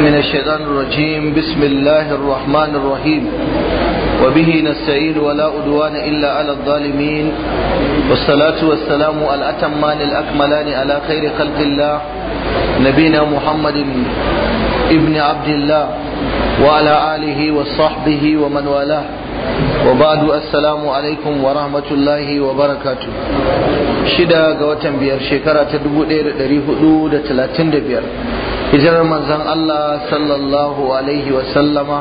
من الشيطان الرجيم بسم الله الرحمن الرحيم وبه نستعين ولا أدوان إلا على الظالمين والصلاة والسلام الأتمان الأكملان على خير خلق الله نبينا محمد ابن عبد الله وعلى آله وصحبه ومن والاه وبعد السلام عليكم ورحمة الله وبركاته شدا قوة بير شكرة تدبو دير دريه دو دتلاتين دبير hijirar manzon Allah sallallahu alaihi wa sallama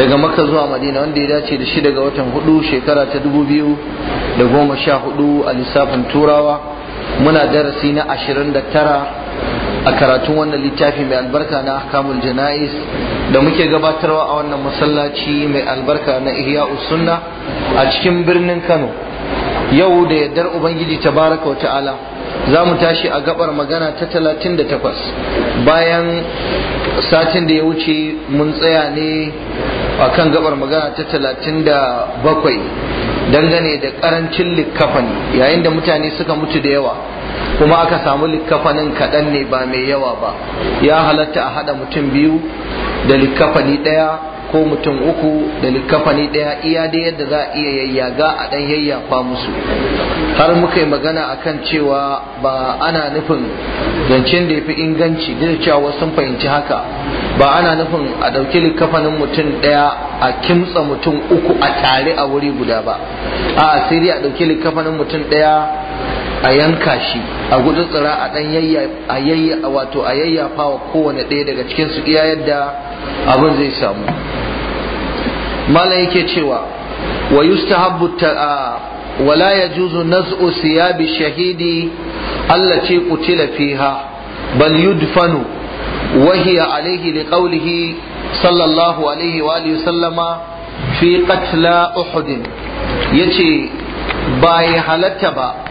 daga maka zuwa madina wanda ya dace da shi daga watan hudu shekara ta dubu biyu da goma sha hudu a lissafin turawa muna darasi na ashirin da tara a karatun wannan littafi mai albarka na ahkamul jana'is da muke gabatarwa a wannan masallaci mai albarka na iya sunna a cikin birnin kano yau da yardar ubangiji tabaraka wa ta'ala za mu tashi a gabar magana ta 38 bayan satin da ya wuce mun tsaya ne a kan gabar magana ta 37 dangane da karancin likkafani yayin da mutane suka mutu da yawa kuma aka samu likkafanin kaɗan ne ba mai yawa ba ya halatta a haɗa mutum biyu da likkafani ɗaya ko mutum uku da likkafani ɗaya iya dai yadda za a iya yayyaga a ɗan yayyafa musu har muka yi magana a kan cewa ba ana nufin zancen da ya fi inganci duk cewa wasu sun fahimci haka ba ana nufin a ɗauki likkafanin mutum ɗaya a kimtsa mutum uku a tare a wuri guda ba a sai dai a ɗauki likkafanin mutum ɗaya a yanka shi a gudun tsira a dan yayya wato a yayyafa wa kowane ɗaya daga cikin su iya yadda abin zai samu malam yake cewa wa yustahabbu wala yajuzu naz'u siyabi shahidi ce qutila fiha bal yudfanu wa hiya alayhi liqawlihi sallallahu alayhi wa alihi sallama fi qatla uhud yace bai halatta ba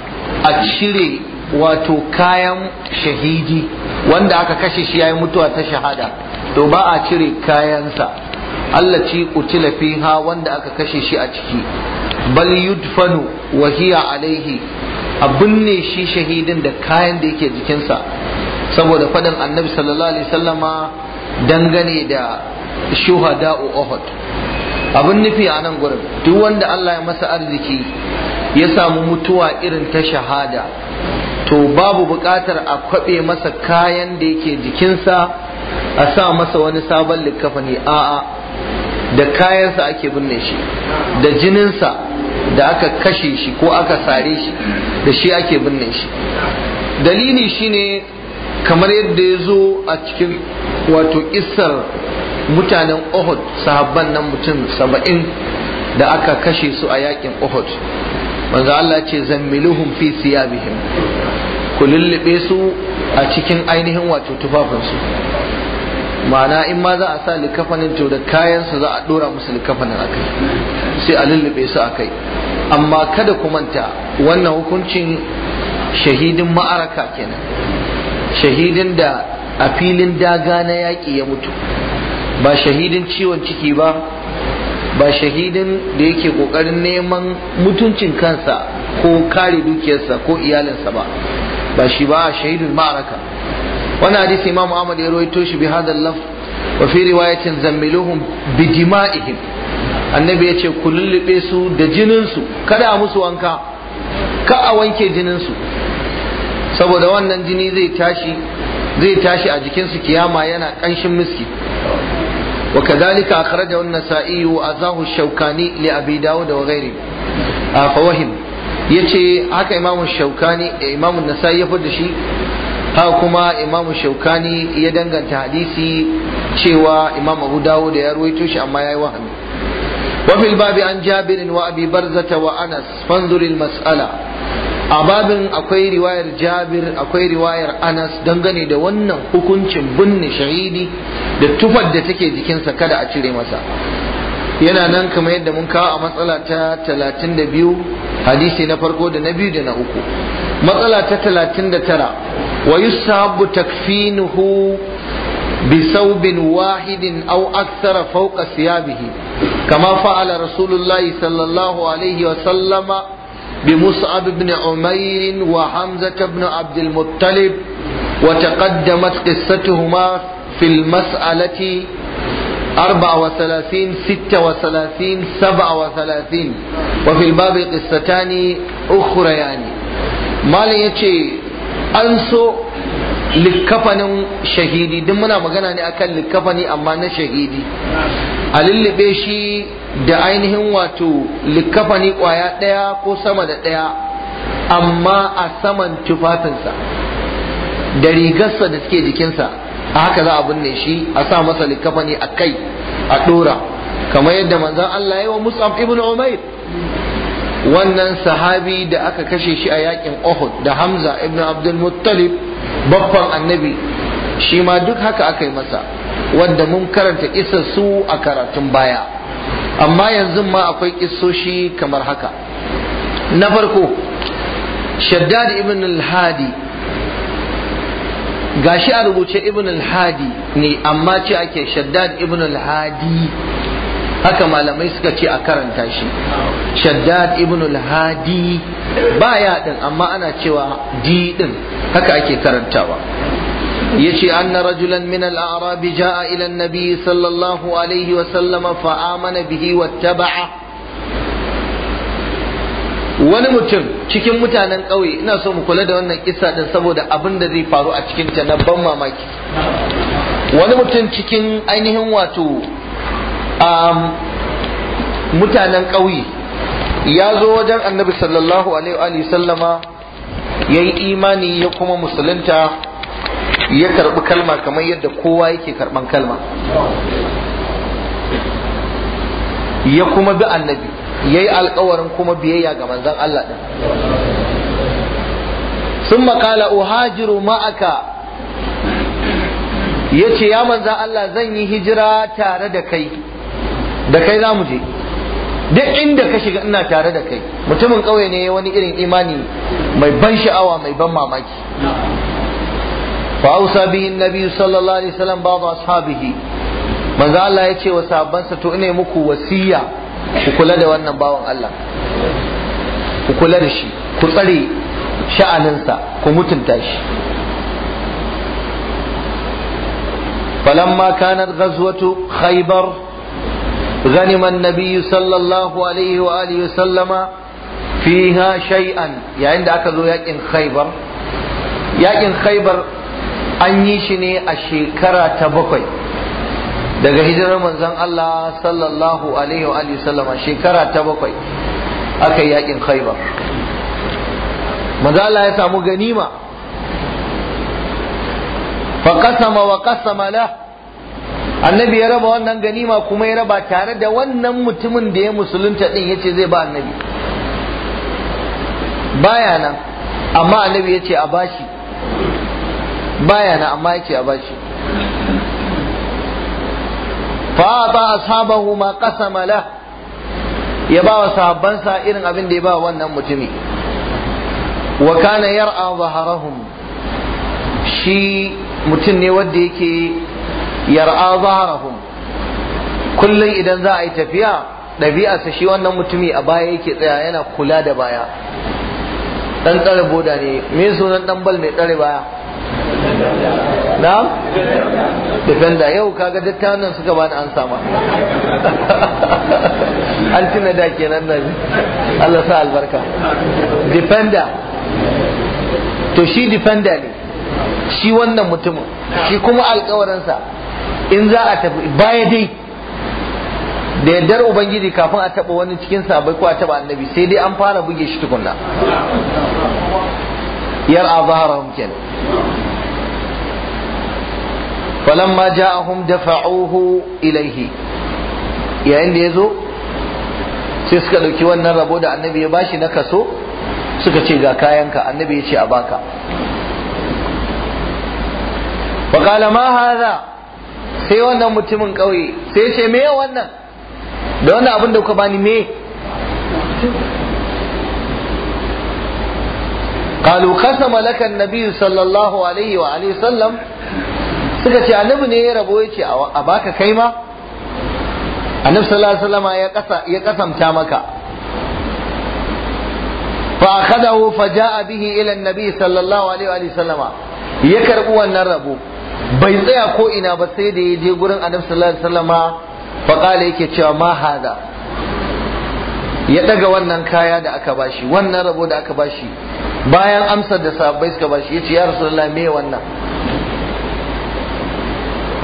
a cire wato kayan shahidi wanda aka kashe shi yayin mutuwa ta shahada to ba a cire kayansa Allah ci kutila fiha wanda aka kashe shi a ciki bal yudfanu wa hiya alaihi a binne shi shahidin da kayan da yake jikinsa saboda faɗin annabi sallallahu alaihi sallama dangane da shuhada'u Uhud abin nufi a nan gurin duk wanda Allah ya masa arziki ya samu mutuwa irin ta shahada to babu buƙatar a kwaɓe masa kayan da yake jikinsa a sa masa wani sabon likafani a'a da kayansa ake binne shi da jininsa da aka kashe shi ko aka sare shi da shi ake binne shi dalili shine kamar yadda ya zo a cikin wato isar mutanen ohud sahabban nan mutum saba'in da aka kashe su a yakin ohud manzo Allah ce zammiluhum fi siyabihim ku lullube su a cikin ainihin wato tufafinsu ma'ana in ma za a sa likafanin to da su za a dora musu likafanin a sai a lullube su a kai amma kada ku manta wannan hukuncin shahidin ma'araka kenan shahidin da a filin daga na yaki ya mutu ba shahidin ciwon ciki ba ba shahidin da yake kokarin neman mutuncin kansa ko kare dukiyarsa ko iyalinsa ba ba shi ba shahidin ma'araka wani hadisi imam ahmad ya rawaito shi bi hadal laf wa fi riwayatin zammiluhum bi annabi ya ce ku lullube su da jininsu kada musu wanka ka a wanke jinin su saboda wannan jini zai tashi zai tashi a jikinsu kiyama yana kanshin miski وكذلك أخرجه النسائي وأزاه الشوكاني لأبي داود وغيره فوهم يتي هكا إمام الشوكاني إمام النسائي يفرد شيء haka kuma imam shaukani ya danganta hadisi cewa imam abu dawud ya ruwaito shi amma ya wahami wa fil babi an jabir wa barzata wa anas fanzur mas'ala a babin akwai riwayar jabir akwai riwayar anas dangane da wannan hukuncin binne shahidi da tufar da take jikinsa kada a cire masa yana nan kamar yadda mun kawo a matsala ta talatin hadisi na farko da na biyu da na uku matsala ta talatin da tara wa yusabu takfinuhu bi saubin wahidin أكثر فوق ثيابه كما kama رسول الله sallallahu alaihi wa sallama. بمصعب بن عمير وحمزة بن عبد المطلب وتقدمت قصتهما في المسألة أربع وثلاثين ستة وثلاثين سبع وثلاثين وفي الباب قصتان أخريان يعني ما يتي أنسو likkafanin shahidi duk muna magana ne akan likkafani amma na shahidi a lullube shi da ainihin wato likafani kwaya ɗaya ko sama da ɗaya amma a saman tufafinsa da rigarsa da suke jikinsa a haka za a binne shi a sa masa likafani a kai a ɗora kamar yadda manzan Allah ya yi wa Mus'ab ibn Umair wannan sahabi da aka kashe shi a yakin Uhud da Hamza ibn Abdul Muttalib babban annabi shi ma duk haka aka yi masa wanda mun karanta isa su a karatun baya amma yanzu ma akwai kisoshi kamar haka na farko shaddad ibn al-hadi gashi a rubuce ibn al-hadi ne amma ce ake shaddad ibn al-hadi haka malamai suka ce a karanta shi shaddad ibn al-hadi ba ya din amma ana cewa di din haka ake karantawa yace anna rajulan min al-a'rab jaa ila an-nabi sallallahu alaihi wa sallama fa amana bihi wa taba'a. wani mutum cikin mutanen ƙauye ina so mu kula da wannan kissa din saboda abin da zai faru a cikin ta na ban mamaki wani mutum cikin ainihin wato mutanen ƙauye ya zo wajen annabi sallallahu alaihi wa sallama ya yi imani ya kuma musulunta ya karɓi kalma kamar yadda kowa yake karɓan kalma ya kuma bi annabi ya yi alkawarin kuma biyayya ga manzan Allah ɗin sun makala uhajiru ma'aka ya ce ya manzan Allah zan yi hijira tare da kai da kai za mu je duk inda ka shiga ina tare da kai mutumin ƙauye ne wani irin imani mai ban sha'awa mai ban mamaki فأوصى به النبي صلى الله عليه وسلم بعض أصحابه manzo Allah ya ce wa sahabbansa to ina muku wasiya ku kula da wannan bawan Allah ku kula da shi ku tsare sha'aninsa ku mutunta shi فلما كانت غزوة خيبر غنم النبي صلى الله عليه وآله وسلم فيها شيئا يعني عندك ذو يقين خيبر yakin khaibar an yi shi ne a shekara ta bakwai daga hijirar manzon Allah sallallahu alaihi wa sallama shekara ta bakwai aka yi yakin khaibar manzon Allah ya samu ganima fa qasama wa qasama la annabi ya raba wannan ganima kuma ya raba tare da wannan mutumin da ya musulunta din yace zai ba annabi baya nan amma annabi yace a bashi baya na amma yake a bashi ta ashabahu ma qasama la ya ba wa sahabbansa irin abin da ya ba wannan mutumi wa kana yar'a zaharahum shi mutum ne wanda yake yar'a zaharahum kullum idan za a yi tafiya ɗabi'arsa shi wannan mutumi a baya yake tsaya yana kula da baya dan tsare boda ne me sunan dan bal mai tsare baya na'am defender yau kaga dattawan suka bani an sama an tuna da kenan nan Allah sa albarka defender to shi defender ne shi wannan mutumin shi kuma alkawarinsa in za a tafi baya dai da yardar ubangiji kafin a taba wani cikin sabai ko a taba annabi sai dai an fara buge shi tukunna yar a zaharahum kenan falamma ja'ahum dafa'uhu ilaihi yayin da ya zo sai suka ɗauki wannan rabo da annabi ya bashi na kaso suka ce ga kayanka annabi ya ce a baka faƙala ma haza sai wannan mutumin ƙauye sai ce me wannan da wannan abin da kuka bani me قالوا قسم لك النبي صلى الله عليه وآله sallam. suka ce annabi ne ya rabo ya ce a baka kai ma annabi sallallahu alaihi wasallam ya kasa ya kasamta maka fa akhadahu fa jaa bihi ila annabi sallallahu alaihi wa sallama ya karbi wannan rabo bai tsaya ko ina ba sai da ya je gurin annabi sallallahu alaihi wasallama fa qala yake cewa ma hada ya daga wannan kaya da aka bashi wannan rabo da aka bashi bayan amsar da sahabbai suka bashi yace ya rasulullahi me wannan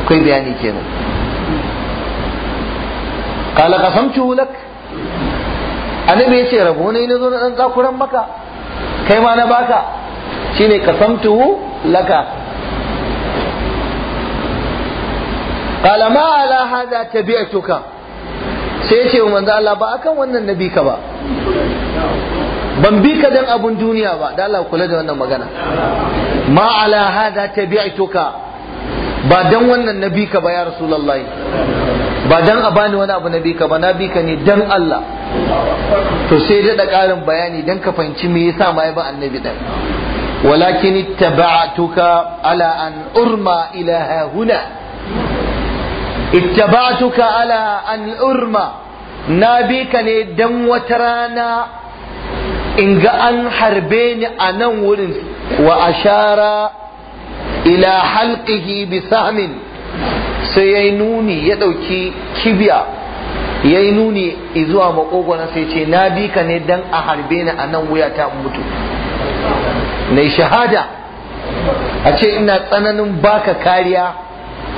akwai bayani kenan qala qasamtu lak annabi yace rabo ne na zo na dan tsakuran maka kai ma na baka shine qasamtu laka qala ma ala hadha tabi'tuka sai yace manzo Allah ba akan wannan nabi ka ba ban bi ka dan abun duniya ba da Allah kula da wannan magana ma ala hada tabi'tuka ba dan wannan na bi ka ba ya rasulullahi ba dan a bani wani abu na bi ka ba na bi ka ne dan Allah to sai daɗa ƙarin bayani dan ka fahimci me yasa ma ya ba annabi dan walakin ittaba'tuka ala an urma ila huna ittaba'tuka ala an urma na bi ka ne dan wata rana in ga an harbe ni a nan wurin wa ashara ila halqihi bi sahmin sai yayi nuni ya dauki kibiya yayi nuni izuwa makogona sai ce na bi ka ne dan a harbe ni a nan wuya ta mutu na shahada a ce ina tsananin baka kariya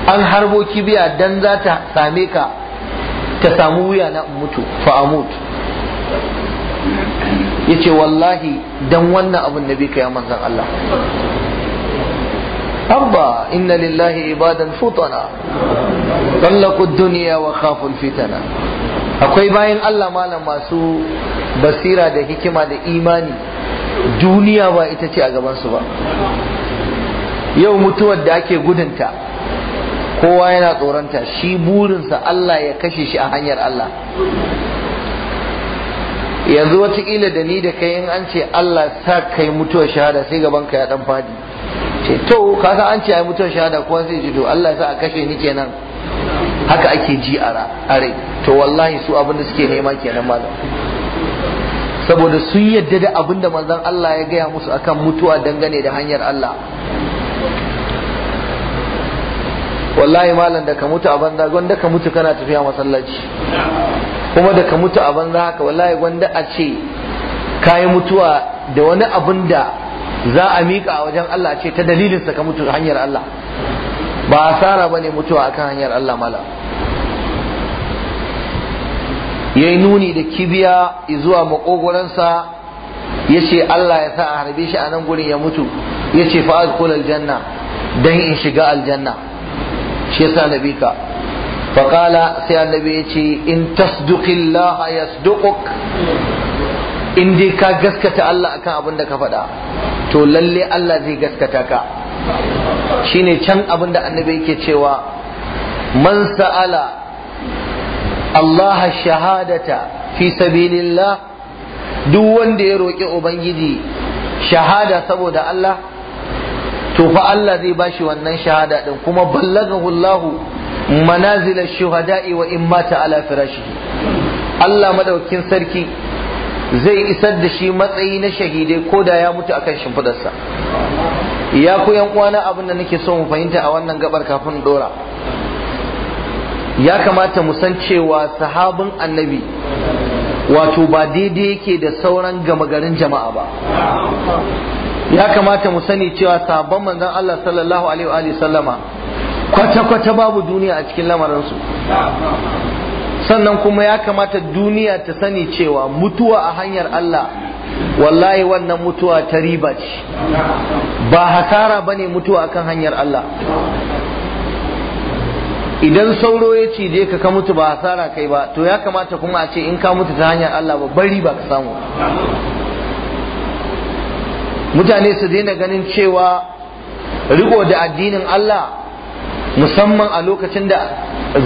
an harbo kibiya dan za ta same ka ta samu wuya na mutu fa amut yace wallahi dan wannan abin na bi ka ya manzon Allah أرضا إن لله عبادا فطنا طلقوا الدنيا وخافوا الفتنة akwai bayan Allah malam masu basira da hikima da imani duniya ba ita ce a gabansu ba yau mutuwar da ake gudunta kowa yana tsoronta shi burinsa Allah ya kashe shi a hanyar Allah yanzu watakila da ni da kai in an ce Allah sa kai mutuwar shahada sai gaban ka ya dan fadi ce to san an ce ai mutuwar shahada kowa zai ji to Allah sa a kashe ni kenan haka ake ji a rai to wallahi su abin da suke nema kenan malam saboda sun yadda da abin da manzon Allah ya gaya musu akan mutuwa dangane da hanyar Allah wallahi malam da ka mutu a banza gwanda ka mutu kana tafiya masallaci kuma da ka mutu a banza haka wallahi gwanda a ce kayi mutuwa da wani abin da za a miƙa a wajen Allah ce ta dalilin saka ka mutu hanyar Allah ba asara ne mutuwa akan hanyar Allah mala Ya yi nuni da kibiya zuwa Ya ce Allah ya sa a harbe shi a nan gurin ya mutu Ya ce fa'ad kula aljanna dan in shiga aljanna shi yasa bi ka fa sai annabi ce in tasduqillaha yasduquk in dai ka gaskata Allah akan abin da ka faɗa to lalle Allah zai gaskata ka shine can abin da annabi yake cewa man sa'ala Allah shahadata fi sabilillah duk wanda ya roƙi ubangiji shahada saboda Allah to fa Allah zai bashi wannan shahada din kuma ballagahu Allah manazil ash-shuhada'i wa imma mata ala firashi Allah madaukin sarki zai isar da shi matsayi na shahidai ko da ya mutu akan shimfidarsa ya ku yan uwana abin da nake so mu fahimta a wannan gabar kafin dora ya kamata mu san cewa sahabin annabi wato ba daidai yake da sauran gama garin jama'a ba ya kamata mu sani cewa sahabban manzon Allah sallallahu alaihi wa sallama kwata-kwata babu duniya a cikin lamarin su sannan kuma ya kamata duniya ta sani cewa mutuwa a hanyar Allah wallahi wannan mutuwa ta riba ce ba hasara bane mutuwa akan hanyar Allah idan sauro ya ce, cije ka ka mutu ba hasara kai ba to ya kamata kuma a ce in ka mutu ta hanyar Allah ba bari ba ka samu mutane su daina ganin cewa riko da addinin Allah musamman a lokacin da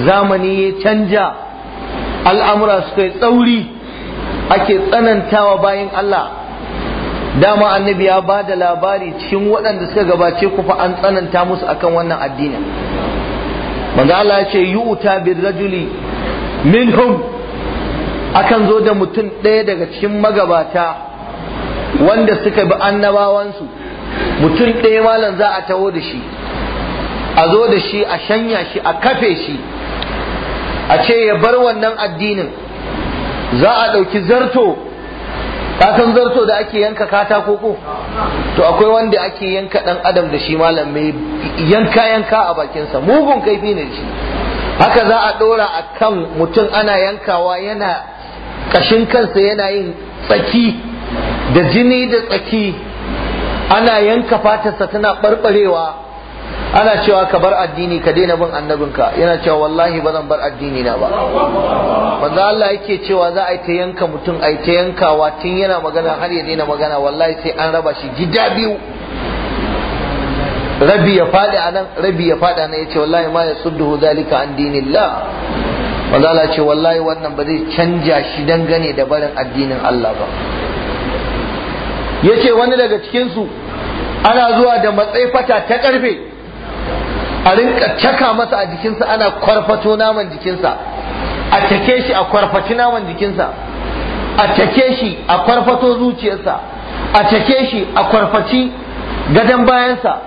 zamani ya canja al'amura suka yi tsauri ake tsanantawa bayan Allah dama annabi ya ba da labari cikin waɗanda suka gabace ku fa an tsananta musu akan wannan addini manzo Allah ya ce yu'ta bir rajuli minhum akan zo da mutum ɗaya daga cikin magabata wanda suka bi annabawansu mutum ɗaya malam za a taho da shi a zo da shi a shanya shi a kafe shi a ce ya bar wannan addinin za a ɗauki zarto kasan zarto da ake yanka katako ko to akwai wanda ake yanka ɗan adam da shi malam mai yanka yanka a bakinsa mugun kaifi ne shi haka za a ɗora a kan mutum ana yankawa yana ƙashin kansa yana yin tsaki da jini da tsaki ana yanka fatarsa tana ɓarɓarewa ana cewa ka bar addini ka daina bin annabinka yana cewa wallahi ba zan bar addini na ba manzo Allah yake cewa za a yi ta yanka mutum a yi ta yankawa tun yana magana har ya daina magana wallahi sai an raba shi gida biyu rabi ya faɗi a nan rabi ya faɗi a nan yace wallahi ma ya sudduhu zalika an dinillah manzo Allah ce wallahi wannan ba zai canja shi dangane da barin addinin Allah ba yace wani daga cikin su ana zuwa da matsayi fata ta karfe a rinka caka masa a jikinsa ana kwarfato naman jikinsa a cake shi a kwarfaci naman jikinsa a cake shi a kwarfato zuciyarsa a cake shi a kwarfaci gadon bayansa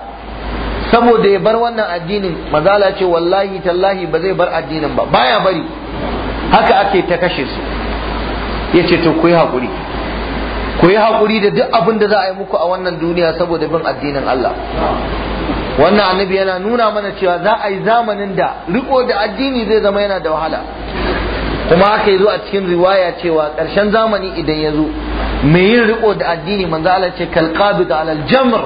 saboda ya bar wannan addinin mazala ce wallahi tallahi ba zai bar addinin ba baya bari haka ake ta kashe su ya ce to ku yi haƙuri ku yi haƙuri da duk abin da za a yi muku a wannan duniya saboda bin addinin Allah wannan annabi yana nuna mana cewa za a yi zamanin da riko da addini zai zama yana da wahala kuma haka zo a cikin riwaya cewa ƙarshen zamani idan ya zo mai yin riko da addini manzo Allah ce da alal jamr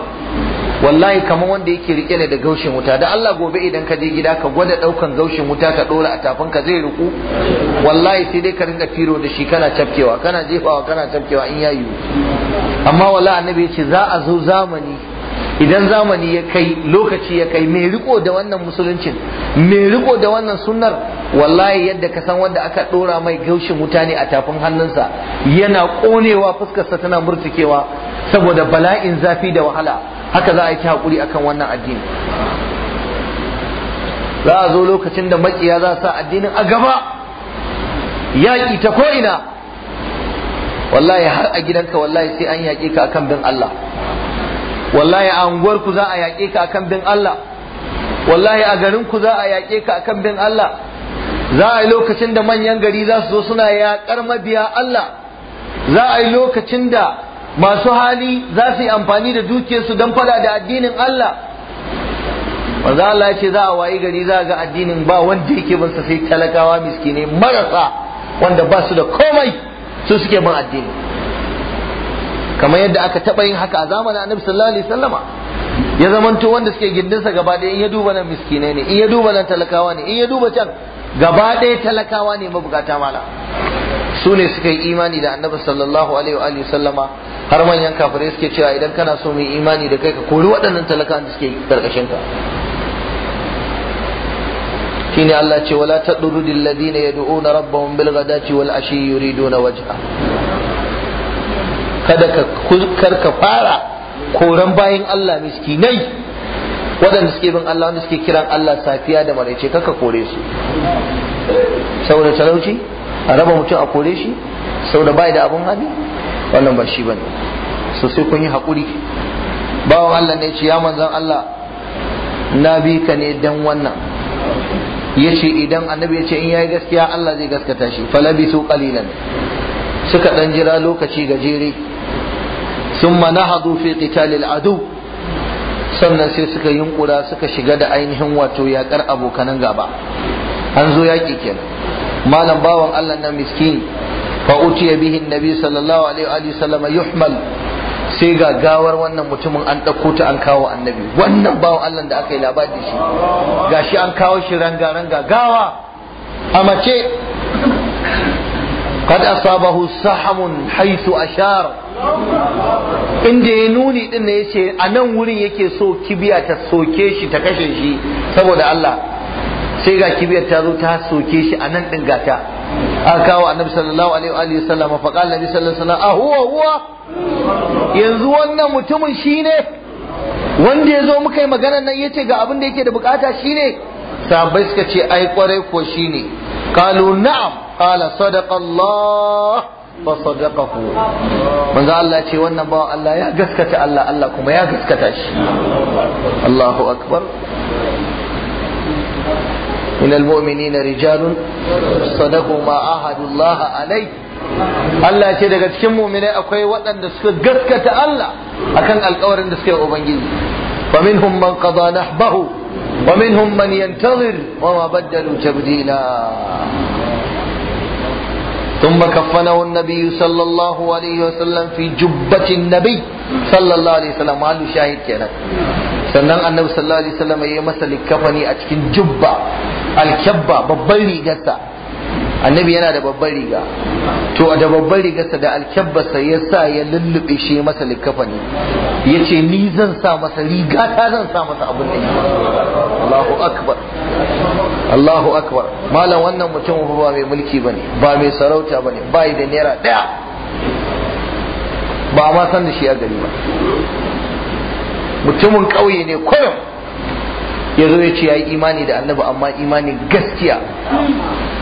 wallahi kamar wanda yake rike ne da gaushin wuta da Allah gobe idan ka je gida ka gwada daukan gaushin wuta ka dora a tafin ka zai ruku wallahi sai dai ka rinka firo da shi kana cafkewa kana jefawa kana cafkewa in yayi amma wallahi annabi ce za a zo zamani idan zamani ya kai lokaci ya kai mai riko da wannan musuluncin mai riko da wannan sunnar wallahi yadda ka san wanda aka dora mai gaushin wuta ne a tafin hannunsa yana konewa fuskarsa tana murtukewa saboda bala'in zafi da wahala haka za a yi ta hakuri akan wannan addini za a zo lokacin da makiya za sa addinin a gaba yaƙi ta ko'ina wallahi har a gidanka wallahi sai an yaƙe ka akan bin Allah wallahi a unguwar ku za a yaƙe ka akan bin Allah wallahi a garin ku za a yaƙe ka akan bin Allah za a yi lokacin da manyan gari za su zo suna yaƙar mabiya Allah za a yi lokacin da masu hali za su yi amfani da dukiyarsu don fada da addinin Allah manzo Allah ya ce za a wayi gari za a ga addinin ba wanda yake bin sa sai talakawa miskinai marasa wanda ba su da komai su suke bin addini kamar yadda aka taɓa yin haka a zamanin annabi sallallahu alaihi wasallama ya zamanto wanda suke gindinsa gaba ɗaya in ya duba nan miskine ne in ya duba nan talakawa ne in ya duba can gaba ɗaya talakawa ne mabukata mala su ne suka yi imani da annabi sallallahu alaihi wa sallama har manyan kafirai suke cewa idan kana so mu imani da kai ka kori waɗannan talakawa da suke karkashin ka shine Allah ce wala tadurudil ladina yad'una rabbahum bil ghadati wal ashi yuriduna wajha kada ka karka fara koran bayan Allah miskinai waɗanda suke bin Allah wanda suke kiran Allah safiya da maraice kaka kore su saboda talauci a raba mutum a kore shi saboda bai da abun hali wannan ba shi bane so sai kun yi haƙuri bawan Allah ne ce ya manzan Allah na bi ka ne dan wannan ya ce idan annabi ya ce in yayi gaskiya Allah zai gaskata shi falabisu qalilan suka dan jira lokaci gajere thumma nahadu fi qitalil adu sannan sai suka yunkura suka shiga da ainihin wato yakar abokanan gaba an zo yaƙi kenan malam bawan Allah na miskin fa utiya bihi annabi sallallahu alaihi wa sallam yuhmal sai ga gawar wannan mutumin an ɗauko ta an kawo annabi wannan bawan Allah da aka yi labari shi gashi an kawo shi ranga ranga gawa a mace قد أصابه سحم حيث أشار inda ya nuni din ne yace a nan wurin yake so kibiya ta soke shi ta kashe shi saboda Allah sai ga kibiyar ta zo ta soke shi a nan din gata a kawo annabi sallallahu alaihi wa sallam fa qala nabi sallallahu alaihi wa sallam huwa huwa yanzu wannan mutumin shine wanda ya zo muka yi magana nan yace ga abin da yake da bukata shine sahabbai suka ce ai kwarai ko shine qalu na'am qala sadaqa Allah فصدقه من ذا الله يتي وانا با الله يا قسكت الله الله كما يا قسكتش الله أكبر من المؤمنين رجال صدقوا ما عاهدوا الله عليه Allah ce daga cikin muminai akwai waɗanda suka gaskata Allah akan alkawarin da suka yi Ubangiji wa minhum man qada nahbahu wa minhum man yantazir ثم كفنه النبي صلى الله عليه وسلم في جبة النبي صلى الله عليه وسلم مالو شاهد كنا sannan annabi sallallahu alaihi wasallam ya masa likafani a cikin jubba alkabba babban rigarsa annabi yana da babban riga to da babban rigarsa da alkabbarsa ya sa ya lullube shi ya masa likafani ya ce ni zan sa masa riga ta zan sa masa abin da Allahu akbar Allahu akbar malam wannan mutum ba mai mulki bane ba mai sarauta bane ba da naira ɗaya ba ma san da shi a gari ba mutumin ƙauye ne kurum ya zo ya ce ya yi imani da annabi amma imani gaskiya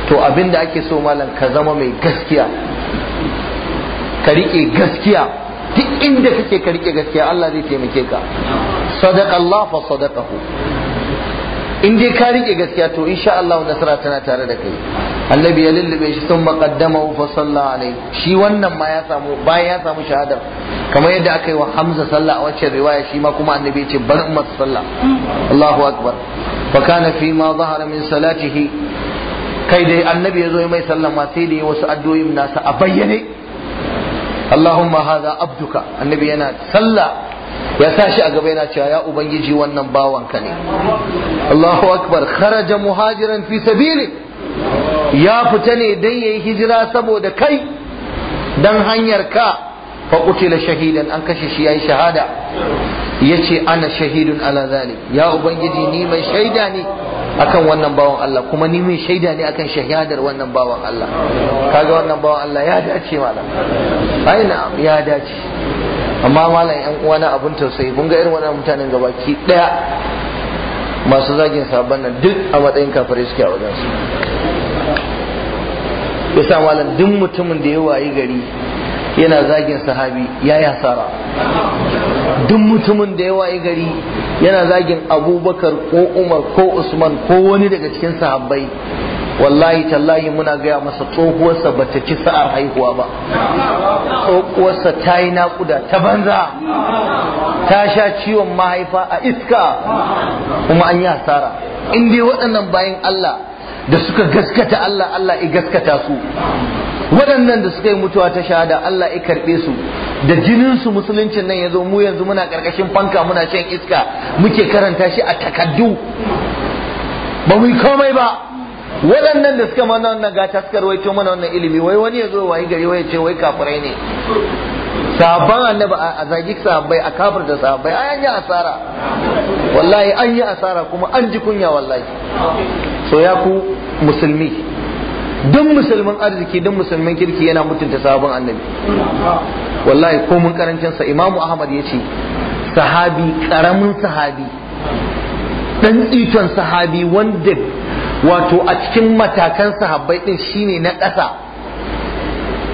to abin da ake so malam ka zama mai gaskiya ka riƙe gaskiya duk inda kake ka riƙe gaskiya Allah zai taimake ka sadaqa Allah fa sadaqahu in dai ka rike gaskiya to insha Allah nasara tana tare da kai annabi ya lullube shi sun maqaddama fa salla alai shi wannan ma ya samu bayan ya samu shahada kamar yadda aka yi wa Hamza salla a wacce riwaya shi ma kuma annabi ya ce bar umma salla Allahu akbar fa kana fi ma zahara min salatihi kai dai annabi ya zo mai sallama sai da ya wasu addu'o'in nasa a bayyane Allahumma hadha abduka annabi yana salla. ya sa shi a gaba yana cewa ya ubangiji wannan bawanka ne Allahu akbar kharaja muhajiran fi sabili ya fita ne dan yayi hijira saboda kai dan hanyar ka fa qutila shahidan an kashe shi yayi shahada yace ana shahidun ala zalik ya ubangiji ni mai shaida ne akan wannan bawan Allah kuma ni mai shaida ne akan shahadar wannan bawan Allah kaga wannan bawan Allah ya dace malam aina ya dace amma malam yan uwa na abun tausayi mun ga irin wannan mutanen gabaki daya masu zagin sabon nan duk a matsayin kafare suke a wajen su yasa malam duk mutumin da ya wayi gari yana zagin sahabi ya yi hasara duk mutumin da ya wayi gari yana zagin abubakar ko umar ko usman ko wani daga cikin sahabbai wallahi tallahi muna gaya masa tsohuwarsa ba ta ci sa'ar haihuwa ba tsohuwarsa ta yi naƙuda ta banza ta sha ciwon mahaifa a iska kuma an yi hasara in dai waɗannan bayan Allah da suka gaskata Allah Allah i gaskata su waɗannan da suka yi mutuwa ta shahada Allah ya karɓe su da jininsu musuluncin nan ya zo mu yanzu muna ƙarƙashin fanka muna shan iska muke karanta shi a takaddu ba mu yi komai ba waɗannan da suka mana wannan gata suka rawaito mana wannan ilimi wai wani ya zo wayi gari wai ce wai kafirai ne sahabban annabi a zagi sahabbai a kafir da sahabbai ai an yi asara wallahi an yi asara kuma an ji kunya wallahi so ya ku musulmi duk musulmin arziki duk musulmin kirki yana mutunta sahabban annabi wallahi ko mun karancin sa imamu ahmad yace sahabi karamin sahabi dan tsiton sahabi wanda wato a cikin matakan sahabbai din shine na ƙasa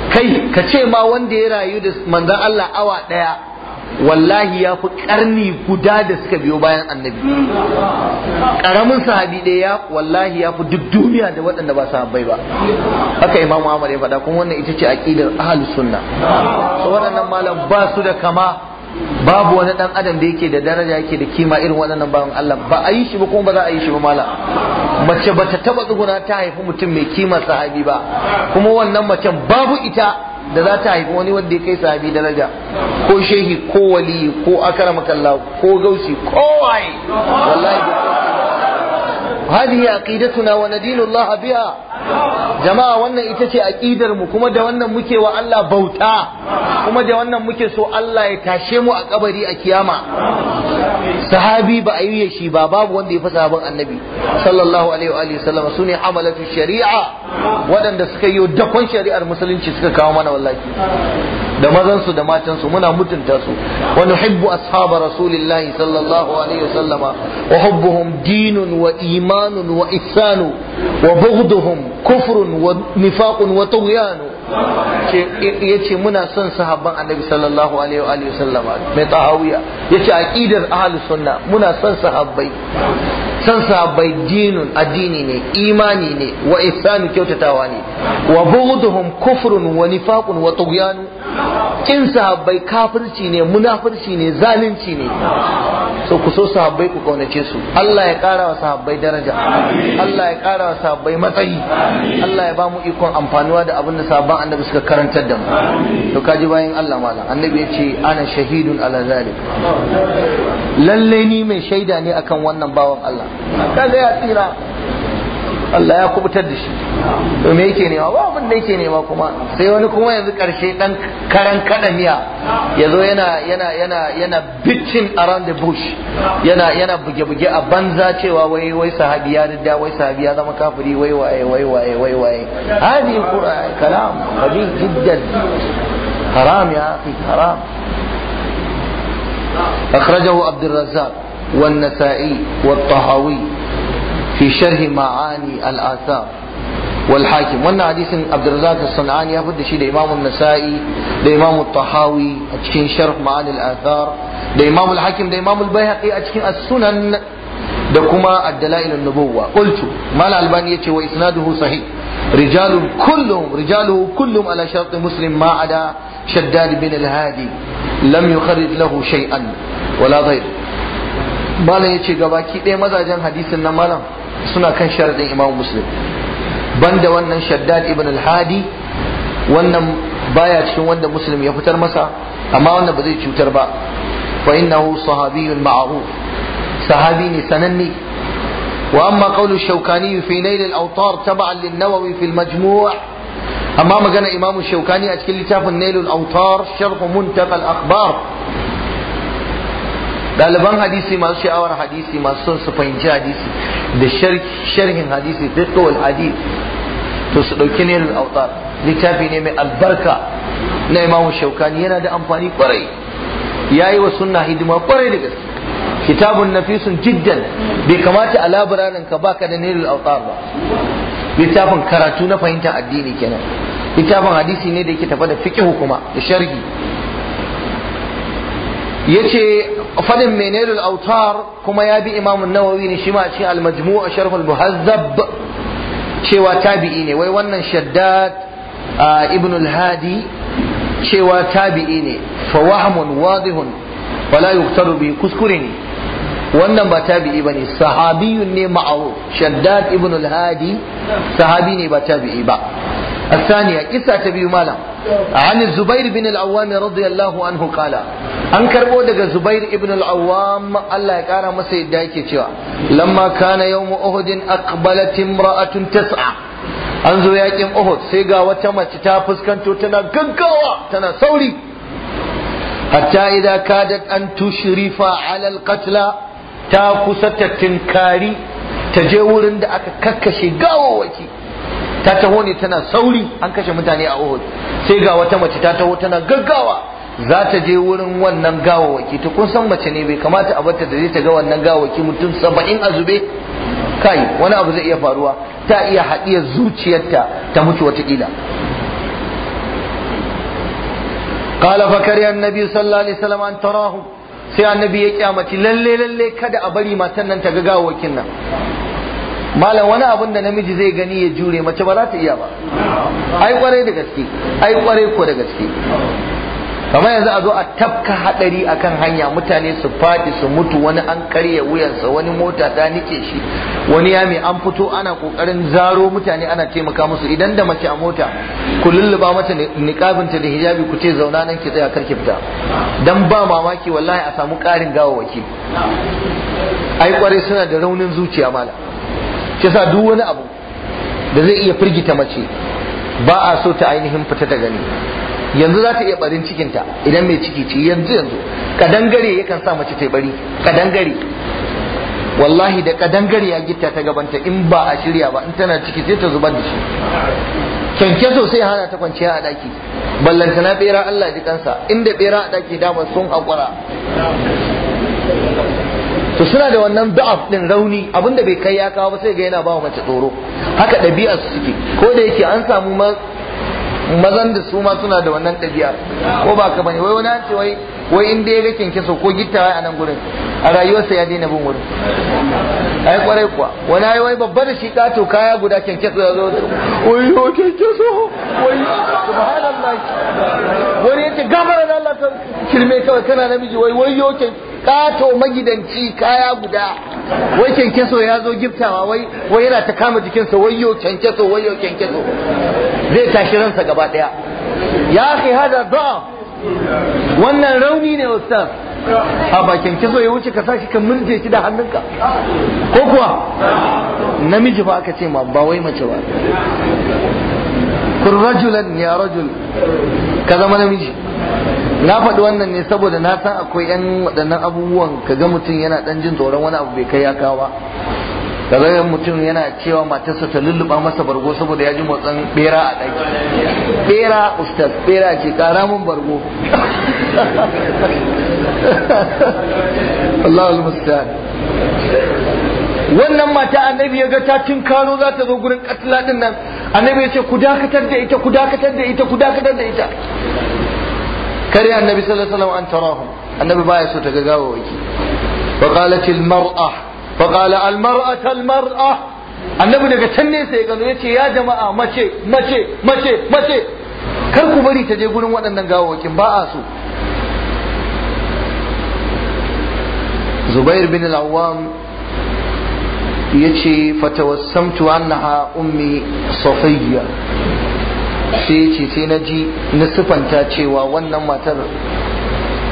kai ka ce ma wanda ya rayu da manzon Allah awa ɗaya wallahi ya fi ƙarni guda da suka biyo bayan annabi ƙaramin sahabi ɗaya wallahi ya fi duk duniya da waɗanda ba sahabbai ba haka imamu ya faɗa kuma wannan ita ce aƙidar ahlus sunna so waɗannan malam ba su da kama babu wani dan adam da yake da daraja yake da kima irin waɗannan bayan Allah ba a yi shi ba kuma ba za a yi shi ba mala mace ba ta taba tsuguna ta haifi mutum mai kima sahabi ba kuma wannan macen babu ita da za ta haifi wani wanda ya kai sahabi daraja ko shehi ko wali ko akara ko gausi ko waye wallahi هذه عقيدتنا وندين الله بها jama'a wannan ita ce aƙidar mu kuma da wannan muke wa Allah bauta kuma da wannan muke so Allah ya tashe mu a kabari a kiyama sahabi ba a yi shi ba babu wanda ya fasa sahabin annabi sallallahu alaihi wa sallama sune hamalatu shari'a waɗanda suka yi wa dakon shari'ar musulunci suka kawo mana wallafi? da mazan su da matan su muna mutunta su wa nuhibbu ashaba rasulillahi sallallahu alaihi wa sallama wa hubbuhum dinun wa iman إيمان وإحسان وبغضهم كفر ونفاق وطغيان yace muna son sahabban annabi sallallahu alaihi wa alihi wasallama mai tahawiya yace aqidar ahlus sunna muna son sahabbai san sahabbai dinun addini ne imani ne wa ihsanu kyautatawa ne wa bughduhum kufrun wa nifaqun wa tughyan kin sahabbai kafirci ne munafirci ne zalunci ne so ku so sahabbai ku kaunace su Allah ya kara wa sahabbai daraja Allah ya kara wa sahabbai matsayi Allah ya ba mu ikon amfanuwa da abin da sahabban annabi suka karantar da mu to kaji bayan Allah mala annabi ya ce ana shahidun ala zalik lalle ni mai shaida ne akan wannan bawan Allah kaza ya tsira Allah ya kubutar da shi to me yake nema ba abin da yake nema kuma sai wani kuma yanzu karshe dan karan kadamiya miya yazo yana yana yana yana bitching around the bush yana yana buge-buge a banza cewa wai wai sahabi ya da wai sahabi ya zama kafiri wai waye wai waye wai waye hadi kalam hadi jiddan haram ya akhi haram akhrajahu abdurrazzaq والنسائي والطهوي في شرح معاني الآثار والحاكم وانا حديث عبد الرزاق الصنعاني يفد شيء لإمام النسائي لإمام الطحاوي أتشكين شرح معاني الآثار لإمام الحاكم لإمام البيهقي أتشكين السنن da kuma addalailun nubuwa qultu mal albani yace wa isnaduhu sahih rijalun kullum rijaluhu kullum ala shart muslim ma ada shaddad bin al hadi lam yukharrij lahu shay'an wala malam ya ce gabaki ɗaya mazajen hadisin nan malam suna kan sharadin imam muslim banda wannan shaddad ibn al-hadi wannan baya cikin wanda muslim ya fitar masa amma wannan ba zai cutar ba fa innahu sahabiyyun ma'ruf sahabi ne sananne wa amma qawlu shawkani fi nail al-awtar tab'an lin-nawawi fi al-majmu' amma magana imam shawkani a cikin littafin nail al-awtar sharh muntaqa al-akhbar ɗaliban hadisi masu sha'awar hadisi masu son su fahimci hadisi da sharhin hadisi fiqhul hadith to su ɗauki ne autar littafi ne mai albarka na imamu shaukani yana da amfani kwarai ya yi wa sunna hidima kwarai da gaske kitabun nafisun jiddan bai kamata a labirarin ka baka da nilul autar ba littafin karatu na fahimtar addini kenan littafin hadisi ne da yake tafa da fiƙe hukuma da sharhi yace fadin menelul autar kuma ya bi imam nawawi ne shi ma a cikin al a sharh al-muhazzab cewa tabi'i ne wai wannan shaddad ibn al-hadi cewa tabi'i ne fa wahmun wadihun wala yuktaru bi kuskure ne wannan ba tabi'i bane sahabiyun ne ma'ruf shaddad ibn al-hadi sahabi ne ba tabi'i ba الثانية قصة تبي مالا عن الزبير بن العوام رضي الله anhu kala an karɓo daga Zubair ibn al-Awwam Allah ya kara masa yadda yake cewa lamma kana yawm Uhud aqbalat tun tas'a an zo yakin Uhud sai ga wata mace ta fuskanto tana gaggawa tana sauri A idza kadat an tushrifa ala al-qatla ta kusa ta tinkari ta je wurin da aka kakkashe gawawaki ta taho ne tana sauri an kashe mutane a Uhud sai ga wata mace ta taho tana gaggawa za ta je wurin wannan gawawaki ta kun san mace ne bai kamata a bata da zai ta ga wannan gawawaki mutum saba'in a zube kai wani abu zai iya faruwa ta iya haɗiya zuciyarta ta mutu watakila قال فكره النبي صلى الله عليه وسلم an تراه sai annabi ya kyamaci lalle lalle kada a bari matan nan ta ga gawawakin nan malam wani abun da namiji zai gani ya jure mace ba za ta iya ba ai kwarai da gaske ai kwarai ko da gaske kamar yanzu a zo a tafka hadari akan hanya mutane su fadi su mutu wani an karya wuyansa wani mota ta nike shi wani ya mai an fito ana kokarin zaro mutane ana taimaka musu idan da mace a mota ku lulluba mata ta da hijabi ku ce zauna nan ki tsaya karki fita dan ba mamaki wallahi a samu karin gawawaki ai kware suna da raunin zuciya malam shi yasa duk wani abu da zai iya firgita mace ba a so ta ainihin fita ta gani yanzu za ta iya barin cikinta idan mai ciki ce yanzu yanzu kadangare yakan sa mace ta bari kadangare wallahi da kadangare ya gitta ta gabanta in ba a shirya ba in tana ciki sai ta zubar da shi kyanke sosai hana ta kwanciya a daki na bera Allah ji kansa inda bera a daki dama sun haƙura to suna da wannan da'af din rauni abinda bai kai ya kawo ba sai ga yana ba mace tsoro haka ɗabi'ar su suke ko da yake an samu mazan da su ma suna da wannan ɗabi'a ko ba ka bane wai wani an ce wai wai in dai ga kiso ko gittawa a nan gurin a rayuwarsa ya daina bin wurin ai kwarai kuwa wani ai wai babbar da shi to kaya guda kyankyaso ya zo wai yo kinkiso wai subhanallah wani yace gafara da Allah ta kirme kawai kana namiji wai wai yo kato magidanci kaya guda wai kyankyaso ya zo giftawa wai wai yana ta kama jikinsa wayo kyankyaso yau kyankyaso zai tashi ransa gaba daya ya akhi hada da'af wannan rauni ne ustaz a ba kiso ya wuce ka sashi ka murje shi da hannunka ko kuwa namiji ba aka ce ma ba wai mace ba kun rajulan ya rajul ka zama namiji na faɗi wannan ne saboda na san akwai yan waɗannan abubuwan kaga mutum yana ɗan jin tsoron wani abu bai kai ya Ka ba 'yan mutum yana cewa matarsa ta lulluɓa masa bargo saboda ya ji motsin bera a ɗaki bera ustaz bera ce ƙara mun bargo Allah al-musta'an wannan mata annabi ya ga ta tun karo za ta zo gurin katila din nan annabi ya ce ku dakatar da ita ku dakatar da ita ku dakatar da ita kare annabi sallallahu alaihi an tarahum annabi baya so ta ga gawawaki fa qalat al annabi daga can ne sai gano yace ya jama'a mace mace mace mace kar ku bari ta je gurin waɗannan gawawakin ba a so zubair bin al-awwam yace fatawassamtu annaha ummi safiyya sai ya ce sai na ji na sifanta cewa wannan matar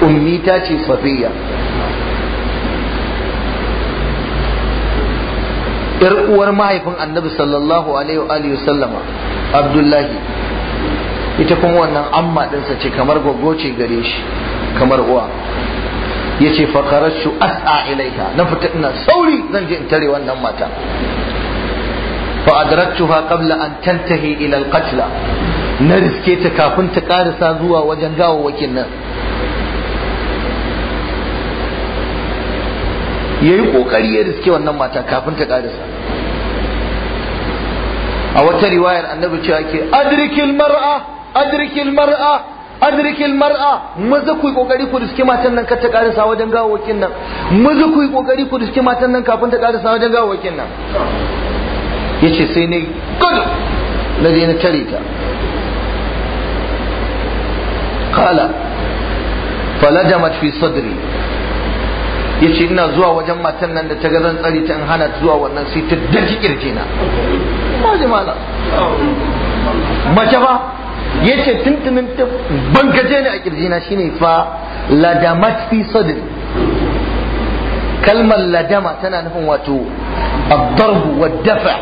ummi ta ce safiya yar uwar mahaifin annabi sallallahu alaihi wa sallama abdullahi ita kuma wannan amma ɗinsa ce kamar gogo gare shi kamar uwa ya ce fakararsu as'a ilaiha na fita ina sauri zan je in tare wannan mata fa adraktuha qabla an tantahi ila al na riske ta kafin ta karasa zuwa wajen wakin nan ya yi ƙoƙari ya riske wannan mata kafin ta karasa a wata riwayar annabi cewa ke adrikil mar'a adrikil mar'a adrikil mar'a maza ku yi ƙoƙari ku riske matan nan kata ta karasa wajen wakin nan maza ku yi ƙoƙari ku riske matan nan kafin ta karisa wajen wakin nan yace sai ne gudu na je na tare ta قال فلجمت في صدري yace ina zuwa wajen matan nan da ta ga zan tsari ta hana zuwa wannan sai ta daki kirje na maji mala mace ba yace tuntunin ta bangaje ne a kirje na shine fa ladamat fi sadri kalmar ladama tana nufin wato ad-darb wa الضرب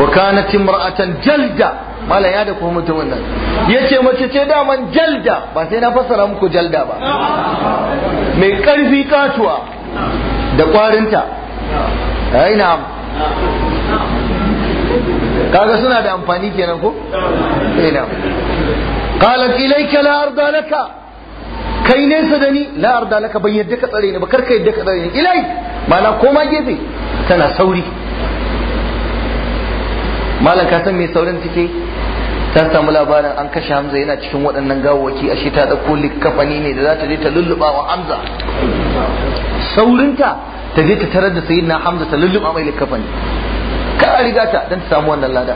wa kanat imra'atan jalda malam ya da kuma mutumin nan yace mace ce daman jalda ba sai na fassara muku jalda ba mai karfi katuwa da kwarinta aina kaga suna da amfani kenan ko aina eh, qalat ilayka la arda laka kai nesa da ni la arda laka bai yadda ka tsare ni ba kar ka yadda ka tsare ni ilai mana koma gefe tana sauri malam ka san me saurin take ta samu labarin an kashe hamza yana cikin waɗannan gawawaki shi ta ɗauko likafani ne da za ta je ta lulluɓa wa hamza saurinta ta je ta tarar da sayi na hamza ta lulluɓa mai likafani ka riga ta don ta samu wannan lada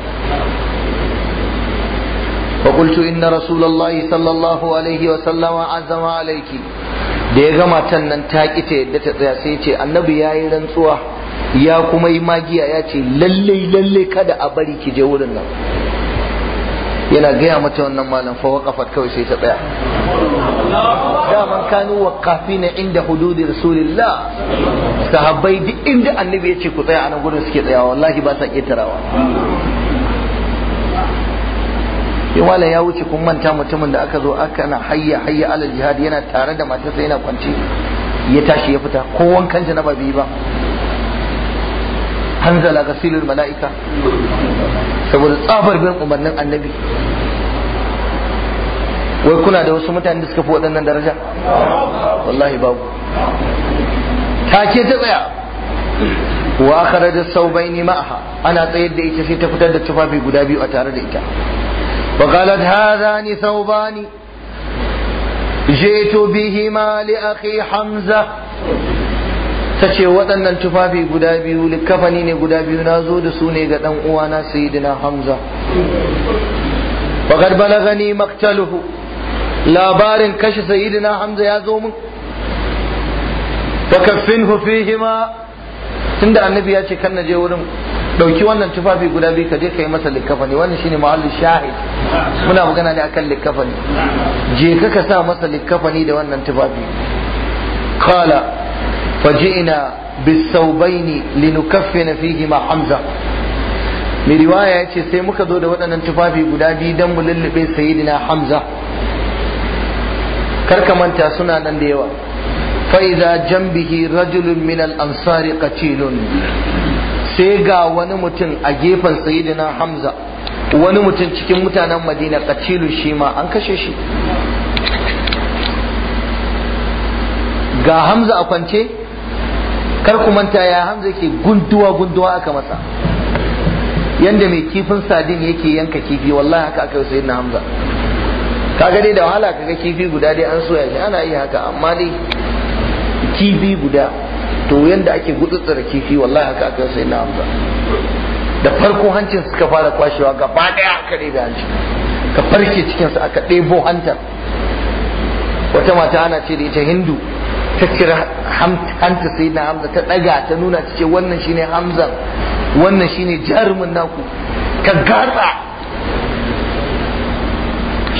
فقلت إن na Rasulallah sallallahu alaihi wa sallama عزم alaiki, da ya gama tan nan ta ki ta yadda ta tsaya sai ce annabi ya yi rantsuwa ya kuma yi magiya ya ce lallai lallai kada a bari ki je wurin nan yana gaya mata wannan malam fa waqafat kawai sai ta tsaya man kanu waqafina inda hududi rasulillah sahabbai duk inda annabi ya ce ku tsaya anan gurin suke tsayawa wallahi ba sa ketarawa wala ya wuce kun manta mutumin da aka zo aka na hayya hayya alal jihad yana tare da matarsa yana kwance ya tashi ya fita ko wankan na ba bi ba hanzala gasilul mala'ika saboda tsabar bin umarnin annabi wai kuna da wasu mutane da suka fi waɗannan daraja wallahi babu take ta tsaya wa akhrajat thawbayni ma'aha ana tsayar da ita sai ta fitar da tufafi guda biyu a tare da ita wa qalat hadhani thawbani جئت بهما لأخي hamza ta ce waɗannan tufafi guda biyu likafani ne guda biyu na zo da su ne ga ɗan uwana sayidina hamza faƙar gani maktaluhu labarin kashe sayidina hamza ya zo min fakaffin hufihima tunda annabi ya ce kan na je wurin ɗauki wannan tufafi guda biyu ka je ka yi masa likafani wannan shine mahallin shahid muna magana ne akan likafani je ka ka sa masa likafani da wannan tufafi kala ina وجئنا بالثوبين لنكفن فيهما حمزة mai riwaya ya ce sai muka zo da waɗannan tufafi guda biyu don mu lullube sayidina hamza karka manta suna nan da yawa fa'iza jambihi rajulun min al-ansari qatilun sai ga wani mutum a gefen sayidina hamza wani mutum cikin mutanen madina qatilun shi an kashe shi ga hamza a kwance kar ku manta ya hamza ke gunduwa gunduwa aka masa yanda mai kifin sadin yake yanka kifi wallahi haka aka yi na hamza kaga dai da wahala kaga kifi guda dai an soya shi ana yi haka amma dai kifi guda to yanda ake gutsutsura kifi wallahi haka aka yi na hamza da farko hancin suka fara kwashewa gaba daya aka ɗebe hancin ka farke cikinsa aka ɗebo hantar wata mata ana ce da ita hindu ta cire hanta sai na hamza ta ɗaga ta nuna ta ce wannan shine hamzan wannan shine jarumin naku ta gatsa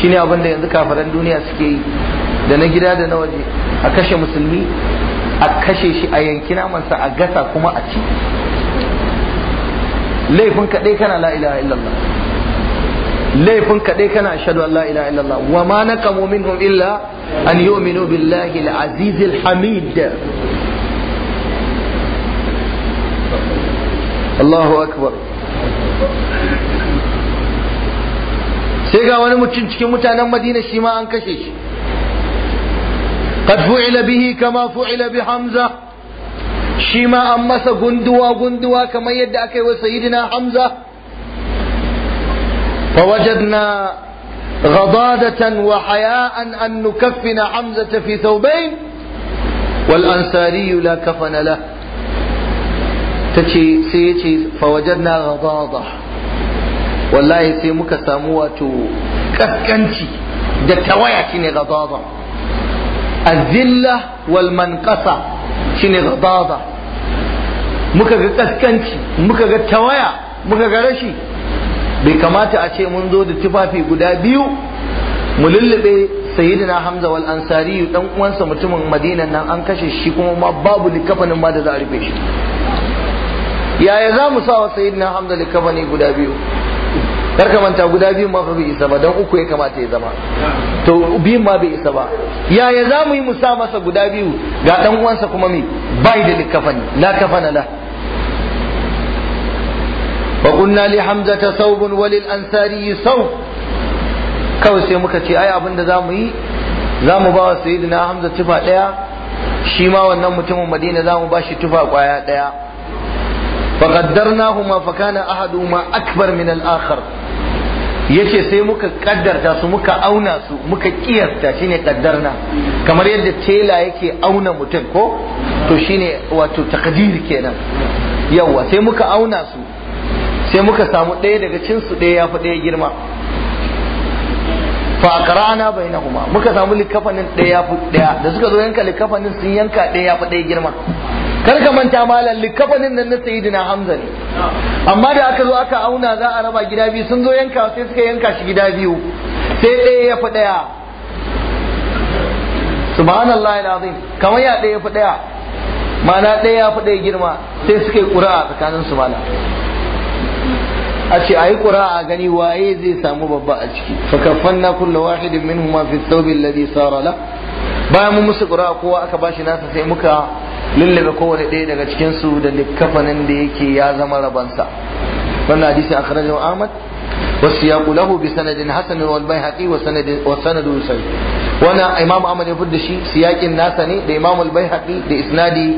shine abin da yanzu kafaran duniya suke yi da na gida da na waje a kashe musulmi a kashe shi a yanki namansa a gasa kuma a ci laifin kaɗai kana la ilaha illallah laifin kaɗai kana ashadu an la ilaha illallah wa ma naqamu minhum illa an yu'minu billahi al-aziz al-hamid Allahu akbar sai ga wani mutum cikin mutanen Madina shi ma an kashe shi قد فعل به an masa gunduwa gunduwa أمس yadda aka yi wa وسيدنا hamza. فوجدنا غضادة وحياء أن نكفن حمزة في ثوبين والأنساري لا كفن له فوجدنا غضاضة والله سي مك ساموة كفكنتي دتوايا كيني غضاضة الذلة والمنقصة كيني غضاضة مك كفكنتي مك تويا مك غرشي bai kamata a ce mun zo da tufafi guda biyu mu lullube sayyidina hamza wal ansari dan uwansa mutumin madinan nan an kashe shi kuma ma babu likafanin ma da za a rufe shi yaya za mu sa wa sayyidina hamza likafani guda biyu kar ka manta guda biyu ma bai isa ba dan uku ya kamata ya zama to biyun ma bai isa ba yaya za mu yi mu sa masa guda biyu ga dan uwansa kuma me bai da likafani la kafana la ta لحمزة walin وللأنصاري ثوب kawai sai muka ce ai abin da za mu yi za mu ba wa sayyidina hamza tufa ɗaya shi ma wannan mutumin madina za mu ba shi tufa ƙwaya ɗaya فقدرناهما فكان أحدهما أكبر من الآخر yace sai muka kaddarta su muka auna su muka kiyarta shine kaddarna kamar yadda tela yake auna mutum ko to shine wato takdir kenan yawa sai muka auna su sai muka samu ɗaya daga cinsu ɗaya ya fi ɗaya girma fa na kuma. muka samu likafanin ɗaya ya fi ɗaya da suka zo yanka likafanin sun yanka ɗaya ya fi ɗaya girma kar ka manta malam likafanin nan na sayyidina hamza ne amma da aka zo aka auna za a raba gida biyu sun zo yanka sai suka yanka shi gida biyu sai ɗaya ya fi ɗaya subhanallahi alazim kamar ya ɗaya ya fi ɗaya ma'ana ɗaya ya fi ɗaya girma sai suka yi ƙura a tsakanin su malam a ce ayi ƙura a gani waye zai samu babba a ciki fa na kullu wahidin min fi thawbi alladhi sara la bayan mun musu qura'a kowa aka bashi nasa sai muka lullube kowane ɗaya daga cikin su da likkafanin da yake ya zama rabansa wannan hadisi akhrajahu Ahmad والسياق له بسند حسن والبيهقي وسند وسند صحيح وانا امام احمد يفد شي سياق ne da ده البيهقي da Isnadi.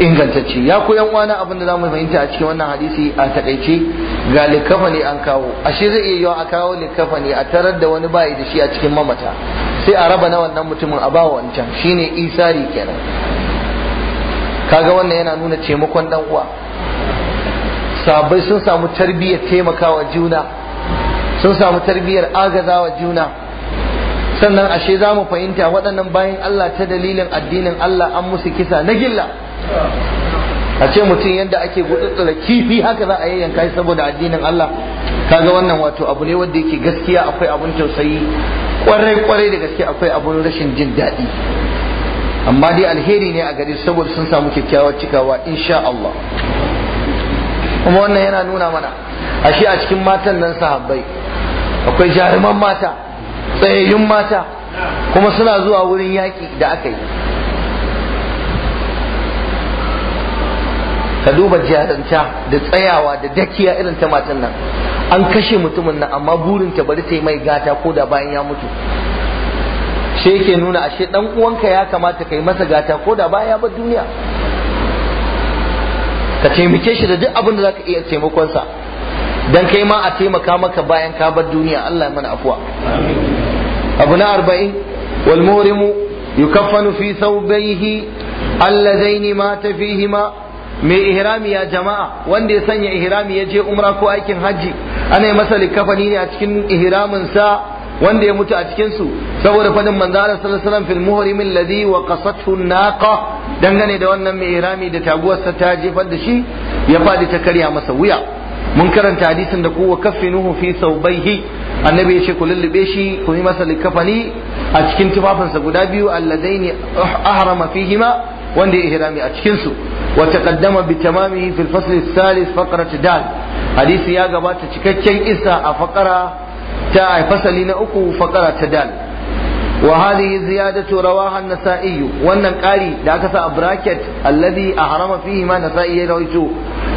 ingantacce ya koyan wani abin da zamu fahimta a cikin wannan hadisi a takaice ga likafani an kawo ashe zai iya yiwa a kawo likafani a tarar da wani bayi da shi a cikin mamata sai a raba na wannan mutumin a bawa wancan shine isari kenan kaga wannan yana nuna taimakon dan uwa sabai sun samu tarbiyyar taimakawa juna sun samu tarbiyyar agazawa juna sannan ashe zamu fahimta waɗannan bayan Allah ta dalilin addinin Allah an musu kisa na gilla a ce mutum yadda ake gutsutsura kifi haka za a yayyanka shi saboda addinin Allah kaga wannan wato abu ne wanda yake gaskiya akwai abun tausayi kwarai kwarai da gaske akwai abun rashin jin daɗi amma dai alheri ne a gari saboda sun samu kyakkyawar cikawa insha Allah kuma wannan yana nuna mana ashe a cikin matan nan sahabbai akwai jaruman mata tsayayyun mata kuma suna zuwa wurin yaƙi da aka yi ka duba jaranta da tsayawa da dakiya irin ta matan nan an kashe mutumin nan amma burin ta bari ta yi mai gata ko da bayan ya mutu shi yake nuna ashe dan uwanka ya kamata ka yi masa gata ko da bayan ya bar duniya ka taimake shi da duk abin da zaka iya taimakonsa dan kai ma a taimaka maka bayan ka bar duniya Allah ya mana afuwa abu na arba'in wal muhrimu yukaffanu fi thawbayhi alladaini mata fihima mai ihrami ya jama'a wanda ya sanya ihrami ya je umra ko aikin hajji ana yi masa likafani ne a cikin ihramin sa wanda ya mutu a cikin su saboda fadin manzara sallallahu alaihi wasallam fil wa qasathu naqa dangane da wannan mai ihrami da taguwar sa ta jefar da shi ya fadi ta karya masa wuya mun karanta hadisin da kuwa kaffinuhu fi saubaihi annabi ya ce ku lullube shi ku yi masa likafani a cikin tufafinsa guda biyu alladaini ahrama fihima wanda ya ihrami a cikin su wa taqaddama bi tamamihi fil fasl al-thalith faqrat dal hadisi ya gabata cikakken isa a faqara ta fasali na uku faqara ta dal wa hadhihi ziyadatu rawaha an-nasa'i wannan qari da aka sa a bracket alladhi ahrama fihi ma nasa'i ya rawaito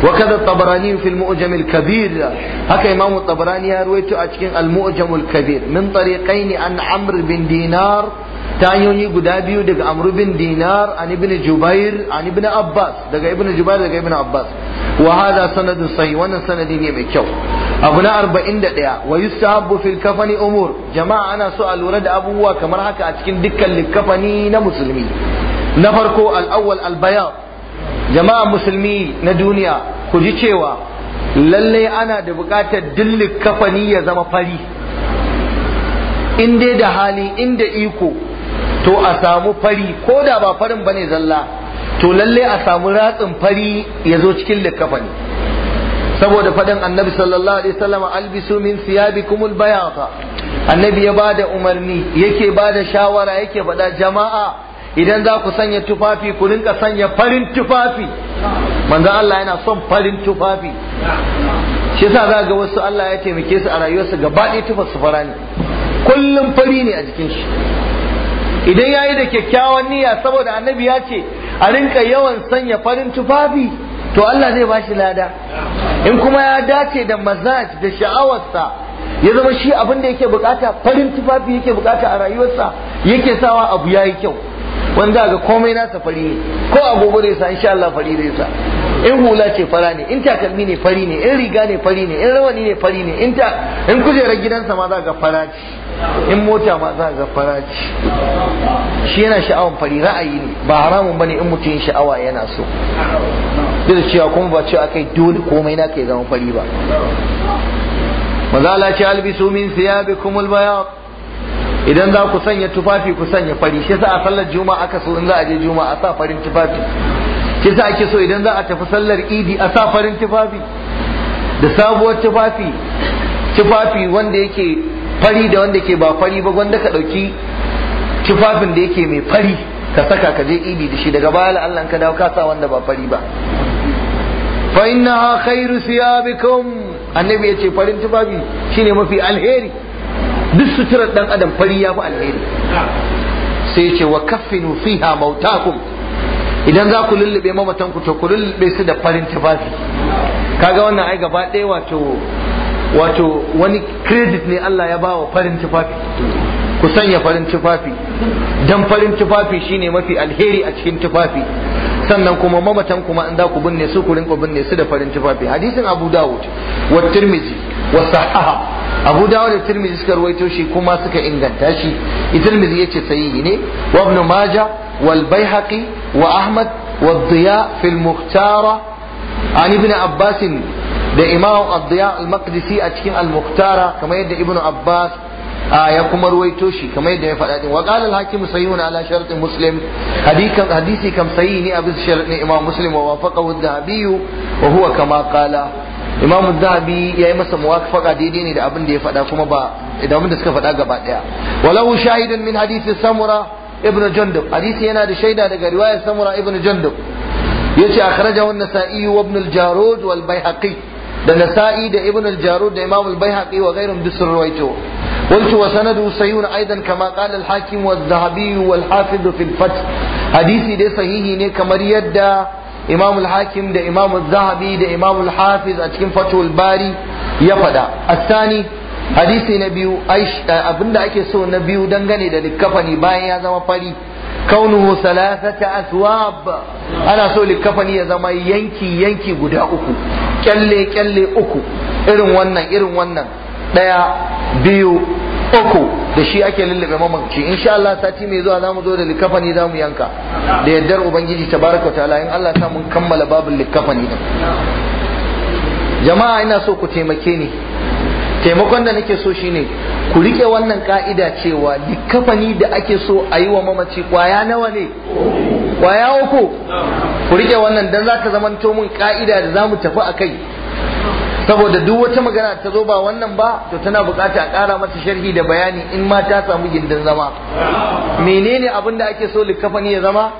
وكذا الطبراني في المؤجم الكبير هكا إمام الطبراني رويته أتكين المؤجم الكبير من طريقين عن عمرو بن دينار ta hanyoyi guda biyu daga amru bin dinar an ibn jubair an ibn abbas daga ibn jubair daga ibn abbas wa hada sanadun wannan sanadi ne mai kyau abu na 41 wa yustahabbu fil kafani umur jama'a ana so a lura da abubuwa kamar haka a cikin dukkan likafani na musulmi na farko al-awwal al-bayan jama'a musulmi na duniya ku ji cewa lalle ana da buƙatar dillik kafani ya zama fari in dai da hali in da iko to a samu fari ko da ba farin bane zalla to lalle a samu ratsin fari ya zo cikin likkafani saboda faɗin annabi sallallahu alaihi wasallam albisu min siyabikumul bayata annabi ya bada umarni yake bada shawara yake faɗa jama'a idan za ku sanya tufafi ku rinka sanya farin tufafi manzo Allah yana son farin tufafi shi yasa za ga wasu Allah ya taimake su a rayuwarsu gaba ɗaya tufa su fara ne kullum fari ne a jikin shi idan yayi da kyakkyawan niyya saboda annabi ya ce a rinka yawan sanya farin tufafi to Allah zai bashi lada in kuma ya dace da mazaj da sha'awarsa ya zama shi abin da yake bukata farin tufafi yake bukata a rayuwarsa yake sawa abu yayi kyau wanda ga komai nasa fari ne ko agogo da sa insha Allah fari da sa. in hula ce fara ne in takalmi ne fari ne in riga ne fari ne in rawani ne fari ne in ta in kujerar gidansa ma za ga fara ce in mota ma za ga faraci shi yana sha'awan fari ra'ayi ne ba haramun bane in mutum yin sha'awa yana so duk da cewa kuma ba cewa akai dole komai na kai zama fari ba mazala ce albisu min siyabikum albayad idan za ku sanya tufafi ku sanya fari shi sa a sallar juma'a aka so in za a je juma'a a sa farin tufafi shi sa ake so idan za a tafi sallar idi a sa farin tufafi da sabuwar tufafi tufafi wanda yake fari da wanda ke ba fari ba gwanda ka ɗauki tufafin da yake mai fari ka saka ka je idi da shi daga baya Allah ka dawo ka sa wanda ba fari ba fa innaha khairu siyabikum annabi yace farin tufafi shine mafi alheri duk suturar dan adam fari yafi alheri sai yace wa kaffinu fiha mautakum idan za ku lullube mamatan ku to ku lullube su da farin tufafi kaga wannan ai gaba ɗaya wato wato wani credit ne Allah ya bawa farin tufafi ku sanya farin tufafi dan farin tufafi shine mafi alheri a cikin tufafi sannan kuma mamatan kuma in za ku binne su ku rinka binne su da farin tufafi hadisin Abu Dawud wa Tirmidhi wa Sahaha Abu Dawud da tirmizi suka ruwaito shi kuma suka inganta shi tirmizi yace sahihi ne wa Ibn Majah wal Baihaqi wa Ahmad wa Diya fil Mukhtara an Ibn Abbas da imam abdiya al-maqdisi a cikin al-muqtara kamar yadda ibnu abbas ya kuma ruwaito shi kamar yadda ya faɗa din wa qala al-hakim sahihun ala shart muslim hadikan hadisi kam sahihi ni abis shart ne imam muslim wa wafaqahu ad-dhahabi wa huwa kama qala imam ad-dhahabi yayi masa muwafaqa daidai ne da abin da ya faɗa kuma ba da abin da suka faɗa gaba daya walahu shahidan min hadisi samura ibn jundub hadisi yana da shaida daga riwayar samura ibn jundub yace akhrajahu an-nasa'i wa ibn al-jarud wal da nasa'i da ibn al-jarud da imam al-baihaqi wa ghayrihim duk sun ruwaito قلت وسنده سيون ايضا كما قال الحاكم والذهبي والحافظ في الفتح حديثي ده ne kamar yadda imam al-hakim da imam al-zahabi da imam al-hafiz a cikin fatul bari ya fada asani hadisi na biyu abinda ake so na biyu dangane da likkafani bayan ya zama fari kaunuhu salasata aswab ana so likkafani ya zama yanki yanki guda uku kyalle kyalle uku irin wannan irin wannan ɗaya biyu uku da shi ake lullube in sha Allah sati mai zuwa za mu zo da likafani za mu yanka da yaddar ubangiji ta baraka ta in Allah ta mun kammala babin likafani din jama'a ina so ku taimake ni taimakon da nake so shine ku rike wannan ka'ida cewa likafani da ake so a yi wa mamaci kwaya nawa ne kwaya uku ku rike wannan dan za zamanto min ka'ida da zamu tafi a kai saboda duk wata magana ta zo ba wannan ba to tana bukata a kara mata sharhi da bayani in ma ta samu gindin zama menene abin da ake so likafani ya zama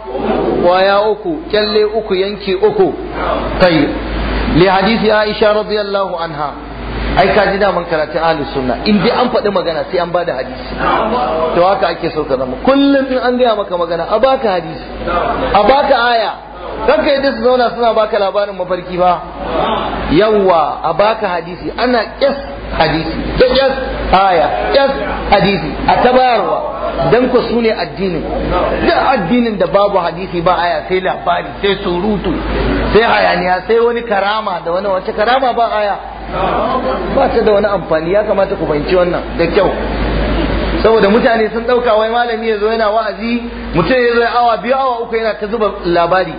kwaya uku kyalle uku yanki uku Kai. li hadisi aisha radiyallahu anha ai ka ji daman karatun ahli sunna in bi an faɗi magana sai an bada hadisi to haka ake so ka zama kullum in an gaya maka magana a baka hadisi a baka aya kanka yadda su zauna suna baka labarin mafarki ba yawa a baka hadisi ana kyas hadisi da kyas aya kyas hadisi a tabayarwa dan ku su ne addinin da addinin da babu hadisi ba aya sai labari sai surutu sai hayaniya sai wani karama da wani wace karama ba aya ba ta da wani amfani ya kamata ku fahimci wannan da kyau saboda mutane sun dauka wai malami ya zo yana wa'azi mutum ya zo awa biyu awa uku yana ta zuba labari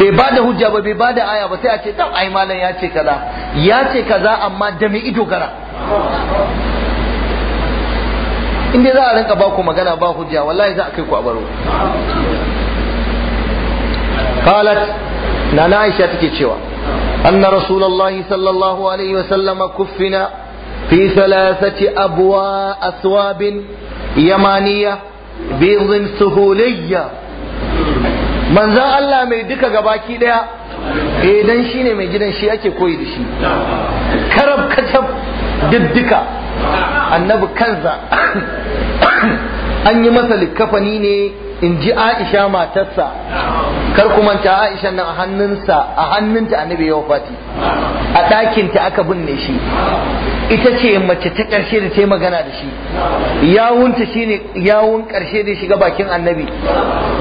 bai ba da hujja ba bai ba da aya ba sai a ce dan ai malam ya ce kaza ya ce kaza amma da mai ido gara in dai za a rinka ba ku magana ba hujja wallahi za a kai ku a baro qalat nana aisha take cewa anna rasulullahi sallallahu alaihi wa sallama kuffina fi thalathati abwa aswabin yamaniya bidhin suhuliyya manzan Allah mai duka gabaki daya eh dan shine mai gidan shi ake koyi da shi karab kacab diddika annabi kansa an yi masa likkafani ne in ji aisha matarsa kar ku manta aisha nan a hannunsa a hannunta annabi ya wafati a ɗakin ta aka binne shi ita ce mace ta ƙarshe da ta yi magana da shi yawunta shine yawun ƙarshe da shiga bakin annabi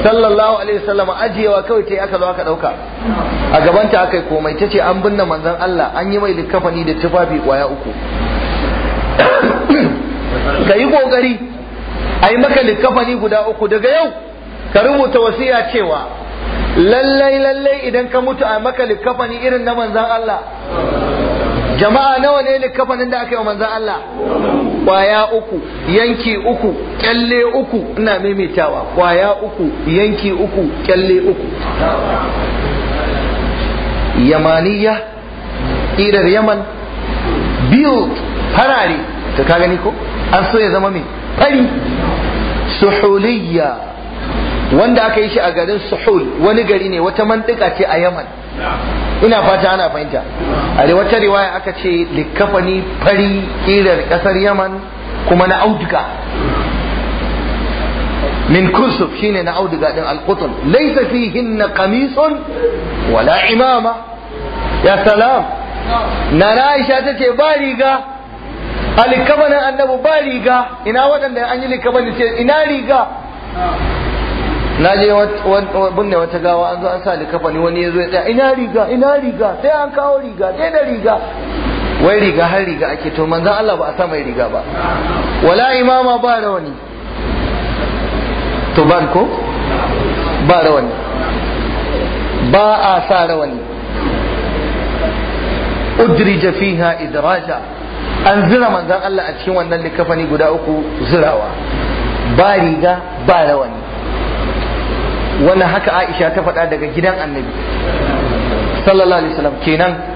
sallallahu alaihi wasallam ajiyewa kawai ta yi aka zo aka ɗauka a gabanta aka yi komai ta ce an binne manzon Allah an yi mai likkafani da tufafi ƙwaya uku ka yi ƙoƙari a yi maka likafani guda uku daga yau ka rubuta wasiya cewa lallai lallai idan ka mutu a maka likafani irin na manzan Allah jama'a nawa ne likafanin da aka yi wa manzan Allah kwaya uku yanki uku kyalle uku ina maimaitawa kwaya uku yanki uku kyalle uku yamaniya irar yaman biyu harare ta ka gani ko an so ya zama mai fari suhuliyya wanda aka yi shi a garin suhul wani gari ne wata mantika ce a yaman ina fata ana fahimta a wata riwaya aka ce likafani fari kirar kasar yaman kuma na auduga min kursuf shine na auduga din laisa laysa hinna qamisun wala imama ya salam na Aisha tace ba riga a likabanin annabu ba riga ina waɗanda an yi likabanin ce ina riga na je binne wata gawa an zo an sa ni wani ya zo ya tsaya ina riga ina riga sai an kawo riga sai da riga wai riga har riga ake to manzan Allah ba a sa mai riga ba wala imama ba rawani to ban ko ba rawani ba a sa rawani udrija jafiha idraja an zira manzan Allah a cikin wannan likafani guda uku zirawa ba riga ba rawani wannan haka Aisha ta faɗa daga gidan annabi sallallahu alaihi wasallam kenan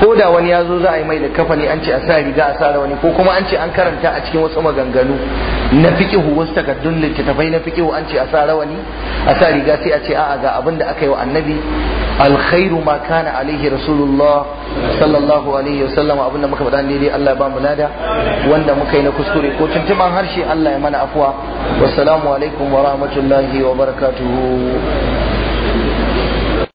ko da wani ya zo za a yi mai da kafani an ce a sa riga a sa wani ko kuma an ce an karanta a cikin wasu maganganu na fiqihu wasu takardun littattafai na fiqihu an ce a sa rawani a sa riga sai a ce a'a ga abin da aka yi wa annabi alkhairu ma kana alaihi rasulullah sallallahu alaihi wasallam abin da muka faɗa ne dai Allah ya ba mu lada wanda muka yi na kuskure ko tuntuban harshe Allah ya mana afuwa wassalamu alaikum wa rahmatullahi wa barakatuhu